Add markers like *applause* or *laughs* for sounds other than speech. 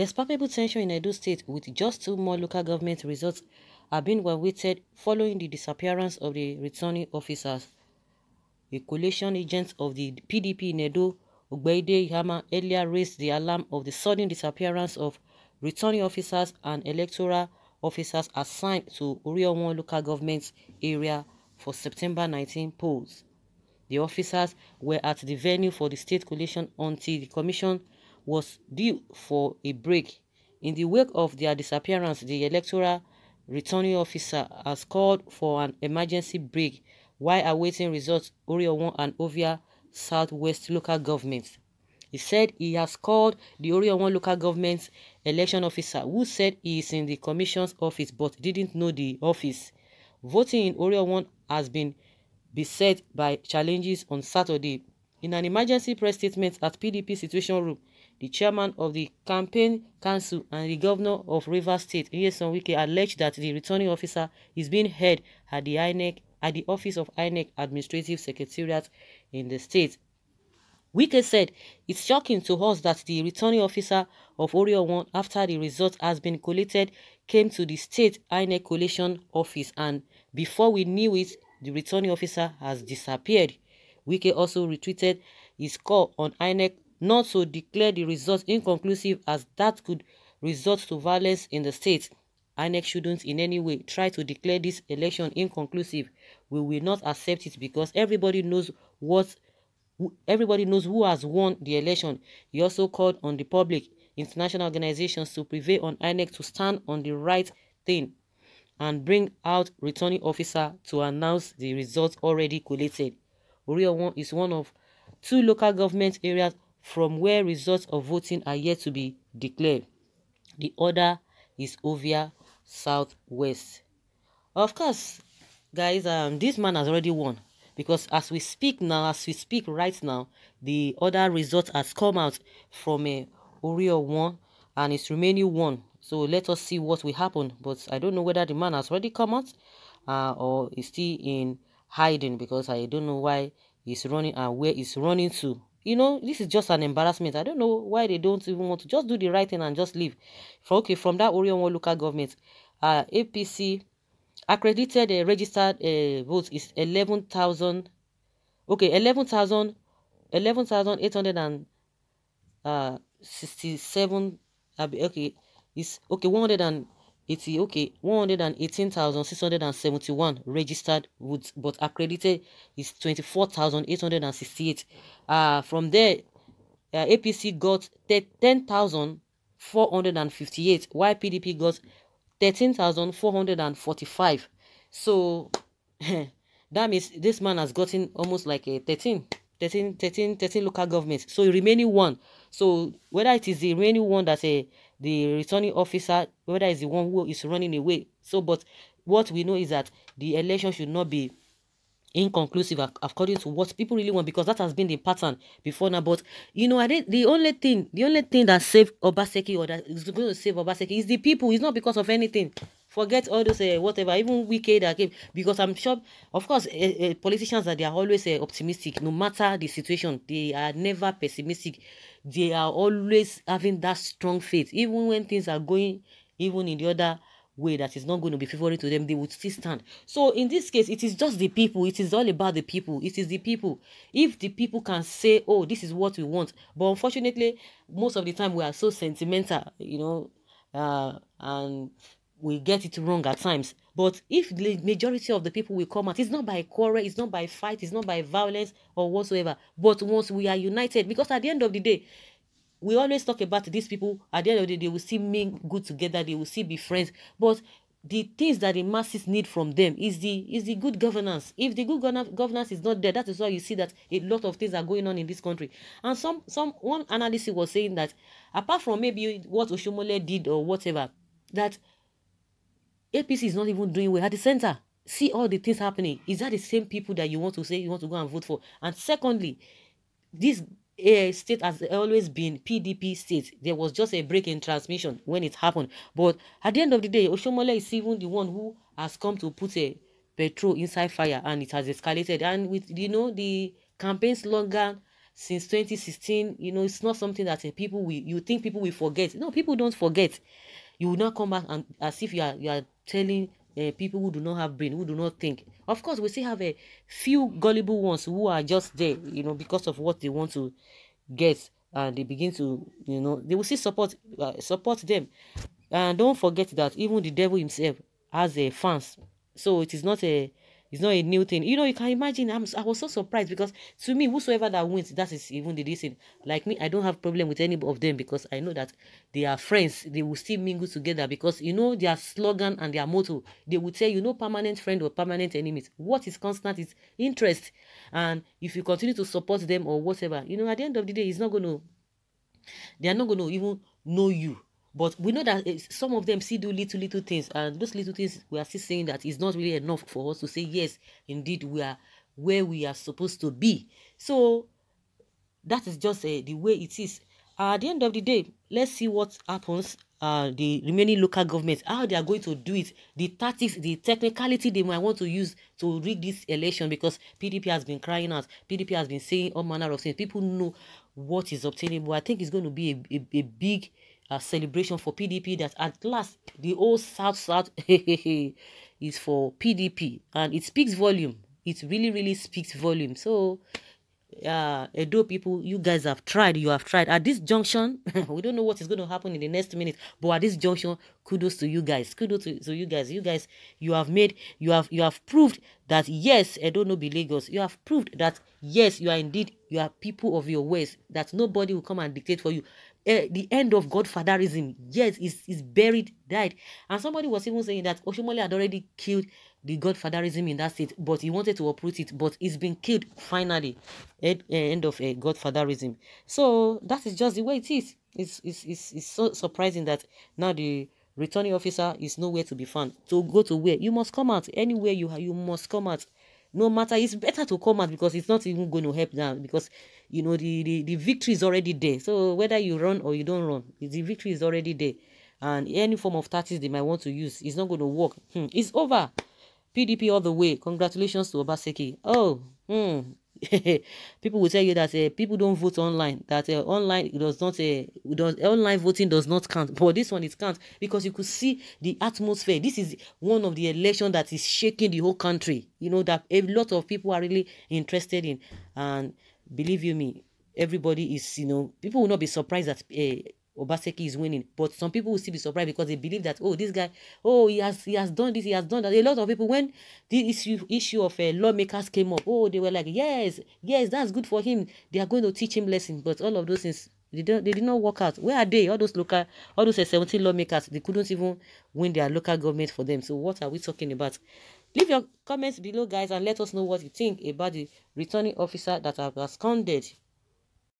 There's palpable tension in Edo State with just two more local government results have been awaited following the disappearance of the returning officers. A coalition agent of the PDP in Edo, Ugbeide Yama, earlier raised the alarm of the sudden disappearance of returning officers and electoral officers assigned to Oriomon local government area for September 19 polls. The officers were at the venue for the state coalition until the commission was due for a break. In the wake of their disappearance, the electoral returning officer has called for an emergency break while awaiting results One and Ovia Southwest local governments. He said he has called the One local government's election officer who said he is in the commission's office but didn't know the office. Voting in One has been beset by challenges on Saturday. In an emergency press statement at PDP Situation Room, the chairman of the campaign council and the governor of Rivers State, Ilyeson Wike, alleged that the returning officer is being held at the INEC at the office of INEC Administrative Secretariat in the state. Wike said, It's shocking to us that the returning officer of Oriol 1 after the result has been collated came to the state INEC collation office and before we knew it, the returning officer has disappeared. Wike also retweeted his call on INEC not to declare the results inconclusive as that could result to violence in the state. INEC shouldn't in any way try to declare this election inconclusive. We will not accept it because everybody knows what everybody knows who has won the election. He also called on the public, international organizations to prevail on INEC to stand on the right thing and bring out returning officer to announce the results already collated. Oriowon is one of two local government areas from where results of voting are yet to be declared. The other is Ovia Southwest. Of course, guys, um, this man has already won because as we speak now, as we speak right now, the other result has come out from a uh, Oreo 1 and it's remaining 1. So let us see what will happen. But I don't know whether the man has already come out uh, or is still in hiding because I don't know why he's running and where he's running to you know this is just an embarrassment i don't know why they don't even want to just do the right thing and just leave from okay from that orion local government uh apc accredited uh, registered uh, votes is 11,000 okay 11,000 11,867 uh, uh, okay is okay 100 and 80 okay 118,671 registered with but accredited is 24,868 uh ah, from there uh, ah, APC got 10,458 YPDP PDP got 13,445 so *laughs* that means this man has gotten almost like a 13 13 13 13 local governments so remaining one so whether it is the remaining one that's a eh, the returning officer, whether it's the one who is running away. So, but what we know is that the election should not be inconclusive according to what people really want because that has been the pattern before now but you know i think the only thing the only thing that saved obaseki or that is going to save obaseki is the people it's not because of anything forget all those uh, whatever even wike that came because i'm sure of course uh, uh, politicians that they are always optimistic no matter the situation they are never pessimistic they are always having that strong faith even when things are going even in the other way that is not going to be favorable to them they would still stand so in this case it is just the people it is all about the people it is the people if the people can say oh this is what we want but unfortunately most of the time we are so sentimental you know uh, and we get it wrong at times but if the majority of the people will come out, it's not by quarrel, it's not by fight, it's not by violence or whatsoever. But once we are united, because at the end of the day, we always talk about these people. At the end of the day, they will see make good together. They will still be friends. But the things that the masses need from them is the is the good governance. If the good governance is not there, that is why you see that a lot of things are going on in this country. And some some one analyst was saying that apart from maybe what Oshimole did or whatever, that APC is not even doing well at the center. See all the things happening. Is that the same people that you want to say you want to go and vote for? And secondly, this uh, state has always been PDP state. There was just a break in transmission when it happened. But at the end of the day, Oshomole is even the one who has come to put a petrol inside fire and it has escalated. And with, you know, the campaigns longer since 2016, you know, it's not something that uh, people will, you think people will forget. No, people don't forget. You will not come back and as if you are, you are telling uh, people who do not have brain, who do not think. Of course, we still have a few gullible ones who are just there, you know, because of what they want to get, and they begin to, you know, they will still support uh, support them. And don't forget that even the devil himself has a fans, so it is not a it's not a new thing. You know, you can imagine. I'm, I was so surprised because to me, whosoever that wins, that is even the reason. Like me, I don't have problem with any of them because I know that they are friends. They will still mingle together because you know their slogan and their motto. They will tell you no permanent friend or permanent enemies. What is constant is interest, and if you continue to support them or whatever, you know, at the end of the day, it's not going to. They are not going to even know you but we know that eh, some of them still do little, little things, and those little things we are still saying that is not really enough for us to say, yes, indeed, we are where we are supposed to be. So that is just uh, the way it is. Uh, at the end of the day, let's see what happens. Uh, the remaining local governments, how they are going to do it, the tactics, the technicality they might want to use to rig this election because PDP has been crying out, PDP has been saying all manner of things. People know what is obtainable. I think it's going to be a, a, a big celebration for PDP that at last the old South South *laughs* is for PDP and it speaks volume. It really, really speaks volume. So, uh, Edo people, you guys have tried. You have tried. At this junction, *laughs* we don't know what is going to happen in the next minute. But at this junction, kudos to you guys. Kudos to, to you guys. You guys, you have made, you have, you have proved that yes, Edo no be Lagos. You have proved that yes, you are indeed, you are people of your ways. That nobody will come and dictate for you. Eh, the end of godfatherism yes is is buried died and somebody was even saying that oshomole had already killed the godfatherism in that state but he wanted to uproot it but it's been killed finally at eh, end of uh, godfatherism so that is just the way it is it's, it's it's it's so surprising that now the returning officer is nowhere to be found to so go to where you must come out anywhere you are you must come out no matter it's better to come out because it's not even going to help now because you know the, the the victory is already there so whether you run or you don't run the victory is already there and any form of tactics they might want to use is not going to work hmm. it's over pdp all the way congratulations to obaseki oh hmm. *laughs* people will tell you that uh, people don't vote online. That uh, online does not uh, does online voting does not count. *laughs* But this one is count because you could see the atmosphere. This is one of the election that is shaking the whole country. You know that a lot of people are really interested in, and believe you me, everybody is you know people will not be surprised that Obaseki is winning. But some people will still be surprised because they believe that, oh, this guy, oh, he has he has done this, he has done that. A lot of people, when the issue issue of uh, lawmakers came up, oh, they were like, yes, yes, that's good for him. They are going to teach him lessons. But all of those things, they, don't, they did not work out. Where are they? All those local, all those uh, 17 lawmakers, they couldn't even win their local government for them. So what are we talking about? Leave your comments below, guys, and let us know what you think about the returning officer that has absconded.